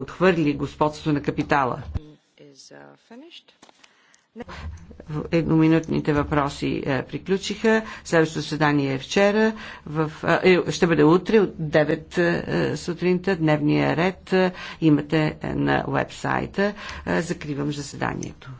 отхвърли господство на капитала. Едноминутните въпроси е, приключиха. Следващото заседание е вчера. В, е, ще бъде утре от 9 е, сутринта. Дневния ред имате на вебсайта. закривам заседанието.